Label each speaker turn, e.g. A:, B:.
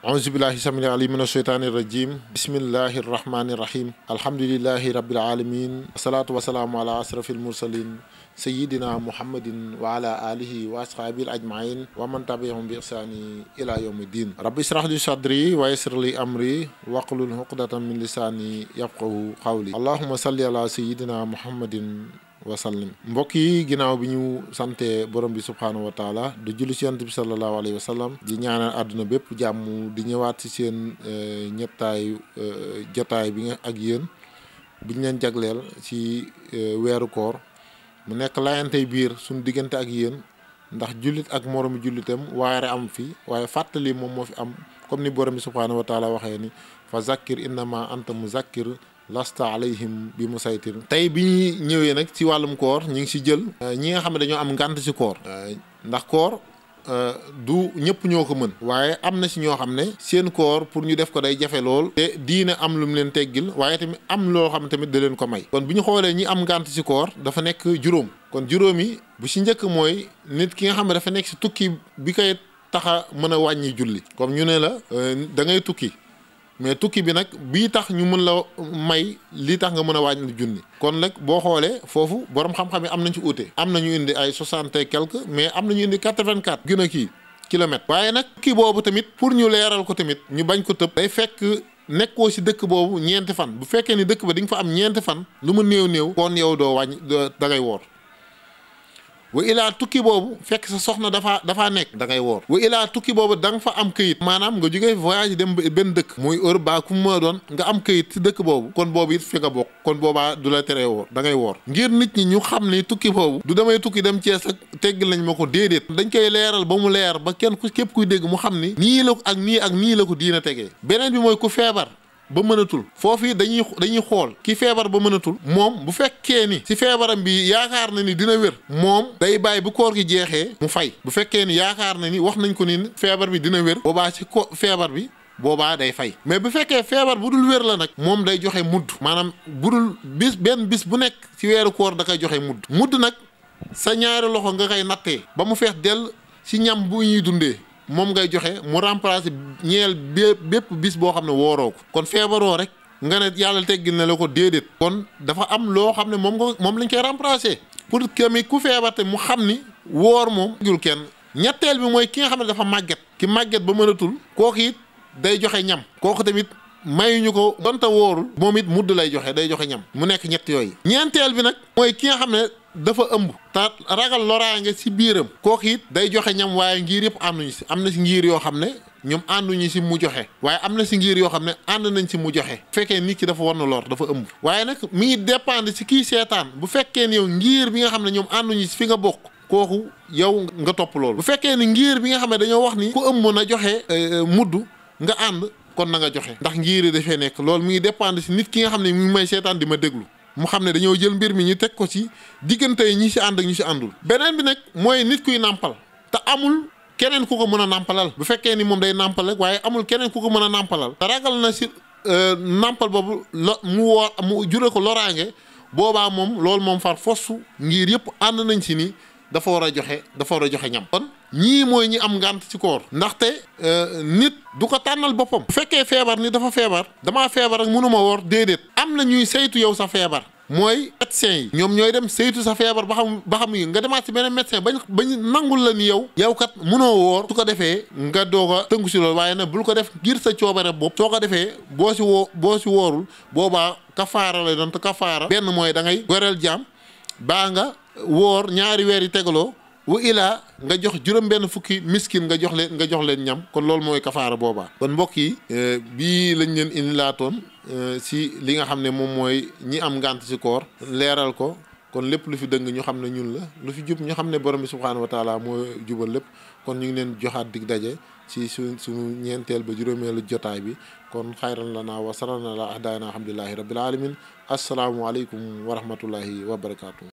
A: أعوذ بالله السميع العليم من الشيطان الرجيم بسم الله الرحمن الرحيم الحمد لله رب العالمين والصلاة والسلام على أشرف المرسلين سيدنا محمد وعلى آله وأصحابه الأجمعين ومن تبعهم بإحسان إلى يوم الدين رب اشرح لي صدري ويسر لي أمري واحلل عقدة من لساني يفقه قولي اللهم صل على سيدنا محمد wasallim mbokk yi ginnaaw bi ñu sante borom bi subhaanahu wa taala du julli ci yonent bi sallallahu alayhi wa sallam di ñaanal àdduna bépp jàmm di ñëwaat ci seen eh, ñettaayu eh, jotaay bi nga ak yéen biñ leen jagleel ci eh, weeru koor mu nekk laayantey biir suñu diggante ak yéen ndax jullit ak moroomi jullitam waare am fi waaye fàttali moom moo fi am comme ni borom bi subhaanahu wa taala waxee ni fa zakkir innama anta muzakkir lasta alayhim bi musaytir tey bi ñu ñëwee nag ci wàllum koor ñu ngi si jël euh, ñi nga xam ne dañoo am ngànt si koor euh, ndax koor euh, du ñëpp ñoo ko mën waaye am na si ñoo xam ne seen koor pour ñu def ko day jafe lool te diine am lu mu leen teggil waaye tamit am loo xam tamit da leen ko may kon bu ñu xoolee ñi am ngànt si koor dafa nekk juróom kon juróom yi bu si njëkk mooy nit ki nga xam ne dafa nekk si tukki bi koy taxa mën a wàññi julli comme ñu ne la da ngay tukki mais tukki bi nag bii tax ñu mën la may lii tax nga mën a wàññi junni kon nag boo xoolee foofu borom xam-xam yi am nañ ci uute am nañu indi ay soixante et quelque mais am nañu indi quatre-vingt-quatre gën kii kilomètre waaye nag tukki boobu tamit pour ñu leeral ko tamit ñu bañ ko tëb day fekk nekkoo si dëkk boobu ñeenti fan bu fekkee ni dëkk ba di fa am ñeenti fan lu mu néew néew kon yow doo wàññi dangay woor wa ilaa tukki boobu fekk sa soxna dafaa dafaa nekk da ngay woor wa ilaa tukki boobu da fa am këyit maanaam nga jógee voyage dem benn dëkk muy Europe ba ku ma doon nga am këyit si dëkk boobu kon boobu it fi nga bokk kon boobaa du la tere woor dangay woor ngir nit ñi ñu xam ni tukki boobu du damay tukki dem Cees ak tegg lañ ma ko déedéet dañ koy leeral ba mu leer ba kenn ku képp kuy dégg mu xam ni nii la ko ak nii ak nii la ko diina tegee beneen bi mooy ku feebar ba mënatul foofu yi dañuy dañuy xool ki feebar ba mënatul moom bu fekkee ni ci feebaram bi yaakaar na ni dina wér moom day bàyyi bu koor gi jeexee mu fay bu fekkee ni yaakaar na ni wax nañ ko ni feebar bi dina wér boobaa ci ko feebar bi boobaa day fay mais bu fekkee feebar bu dul wér la nag moom day joxe mudd maanaam bu dul bis benn bis bu nekk ci weeru koor da koy joxe mudd mudd nag sa ñaari loxo nga koy nattee ba mu feex dell ci ñam bu ñuy dundee moom ngay joxe mu remplacer ñeel bépp bis boo xam ne wooroo ko kon feebaroo rek nga ne yàlla teggil na la ko déedéet kon dafa am loo xam ne moom nga moom lañ koy remplacer pour que ku feebar te mu xam ni woor moom jul kenn ñetteel bi mooy ki nga xam ne dafa màgget ki màgget ba mënatul kooku it day joxe ñam kooku tamit mayuñu ko donte wóorul moom it mudd lay joxe day joxe ñam mu nekk ñett yooyu ñeenteel bi nag mooy ki xam ne dafa ëmb te ragal loraange si biiram kooku it day joxe ñam waaye ngir yëpp ànduñu si am na si ngiir yoo xam ne ñoom ànduñu si mu joxe waaye am na si ngiir yoo xam ne ànd nañ si mu joxe fekkee nit ki dafa war na lor dafa ëmb waaye mi ngi dépendre si kii seetaan bu fekkee ne yow ngir bi nga xam ne ñoom ànduñu si fi nga bokk kooku yow nga topp loolu bu fekkee ni ngir bi nga xam ne dañoo wax ni ku ëmb na joxe euh, euh, mudd nga ànd kon na nga joxe ndax ngir yi dafay nekk loolu mi ngi dépendre si nit ki nga xam ne mi ngi may seetaan di ma déglu mu xam ne dañoo jël mbir mi ñu teg ko ci diggante yi ñu ci ànd ak ñi ci àndul beneen bi nag mooy nit kuy nàmpal te amul keneen ku ko mën a nàmpalal bu fekkee ni moom day nàmpal rek waaye amul keneen ku ko mën a nàmpalal te ragal na ci euh, nàmpal boobu lo mu woo mu jure ko loraange boobaa moom loolu moom far fosu ngir yëpp ànd nañ si nii dafa war a joxe dafa war a joxe ñam ñii mooy ñi am ngànt ci koor ndaxte euh, nit du ko tànnal boppam bu fekkee feebar ni dafa feebar damaa feebar ak mënuma woor déedéet am na ñuy saytu yow sa feebar mooy médecin yi ñoom ñooy dem saytu sa feebar ba xam ba xam yi nga demaat si beneen médecin bañ bañ nangul la ni yow yow kat mënoo woor su ko defee nga doog a tënku si lool waaye nag bul ko def ngir sa coobare bopp soo ko defee boo si woo boo si woorul boobaa kafaara lay doon te kafaara benn mooy da ngay goreel jaam baa nga woor ñaari weer yi tegaloo wa ilaa nga jox juróom-benn fukki miskin nga jox leen nga jox leen ñam kon loolu mooy kafaara boobaa. kon mbokk yi euh, bii lañ leen indi laatoon euh, si li nga xam ne moom mooy ñi am ngànt si koor leeral ko kon lépp lu fi dëng ñu xam ne ñun la lu fi jub ñu xam ne borom bi subxanahu wa moo jubal lépp kon ñu ngi leen joxaat dig daje ci su suñu ñeenteel ba juróomeelu jotaay bi kon xayran la naa wa saran la ahdaana alhamdulilahi rabbil alamin asalaamualeykum wa rahmatullahi wa barakaatu.